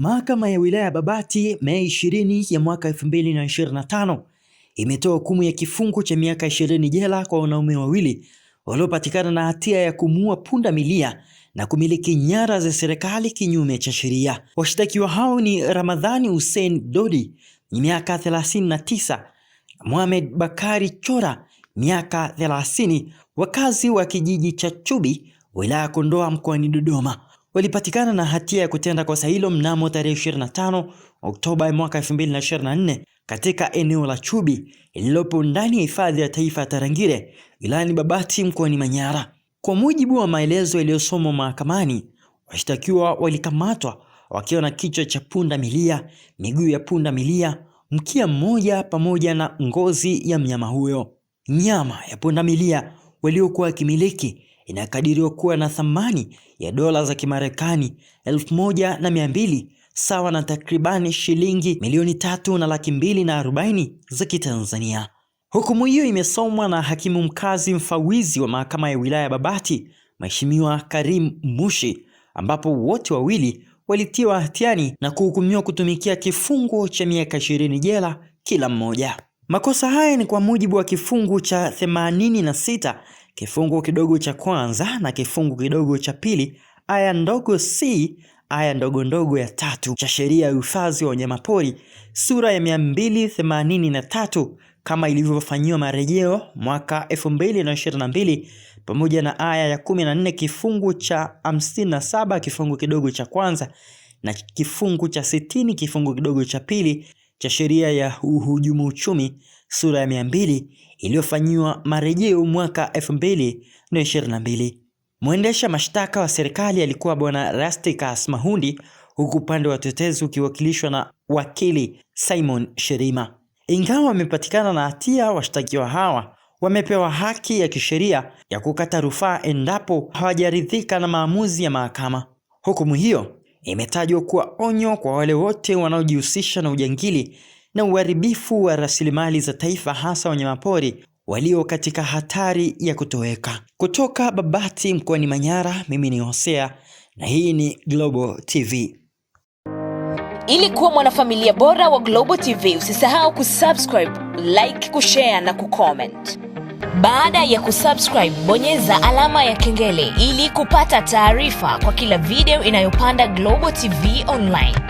Mahakama ya wilaya ya Babati Mei 20 ya mwaka 2025 imetoa hukumu ya kifungo cha miaka 20 jela kwa wanaume wawili waliopatikana na hatia ya kumuua punda milia na kumiliki nyara za serikali kinyume cha sheria. Washtakiwa hao ni Ramadhani Hussein Dodi miaka 39, Mohamed Bakari Chora miaka 30, wakazi wa kijiji cha Chubi wilaya Kondoa mkoani Dodoma walipatikana na hatia ya kutenda kosa hilo mnamo tarehe 25 Oktoba mwaka 2024 katika eneo la Chubi lililopo ndani ya hifadhi ya taifa ya Tarangire wilayani Babati mkoani Manyara. Kwa mujibu wa maelezo yaliyosomwa mahakamani, washtakiwa walikamatwa wakiwa na kichwa cha punda milia, miguu ya punda milia, mkia mmoja pamoja na ngozi ya mnyama huyo. Nyama ya punda milia waliokuwa wakimiliki inakadiriwa kuwa na thamani ya dola za Kimarekani elfu moja na mia mbili sawa na takribani shilingi milioni tatu na laki mbili na arobaini za Kitanzania. Hukumu hiyo imesomwa na hakimu mkazi mfawizi wa mahakama ya wilaya Babati, Mheshimiwa Karim Mushi, ambapo wote wawili walitiwa hatiani na kuhukumiwa kutumikia kifungo cha miaka ishirini jela kila mmoja. Makosa haya ni kwa mujibu wa kifungu cha themanini na sita kifungu kidogo cha kwanza na kifungu kidogo cha pili aya ndogo c aya ndogo ndogo ya tatu cha sheria ya uhifadhi wa wanyamapori sura ya 283 kama ilivyofanyiwa marejeo mwaka 2022 pamoja na aya ya 14 kifungu cha 57 kifungu kidogo cha kwanza na kifungu cha 60 kifungu kidogo cha pili cha sheria ya uhujumu uchumi sura ya iliyofanyiwa marejeo mwaka 2022. Mwendesha mashtaka wa serikali alikuwa Bwana Rusticus Mahundi huku upande wa tetezi ukiwakilishwa na wakili Simon Sherima. Ingawa wamepatikana na hatia, washtakiwa hawa wamepewa haki ya kisheria ya kukata rufaa endapo hawajaridhika na maamuzi ya mahakama. Hukumu hiyo imetajwa kuwa onyo kwa wale wote wanaojihusisha na ujangili na uharibifu wa rasilimali za taifa hasa wanyamapori walio katika hatari ya kutoweka. Kutoka Babati mkoani Manyara, mimi ni Hosea na hii ni Global TV. Ili kuwa mwanafamilia bora wa Global TV, usisahau kusubscribe, like, kushare na kucomment. Baada ya kusubscribe, bonyeza alama ya kengele ili kupata taarifa kwa kila video inayopanda Global TV Online.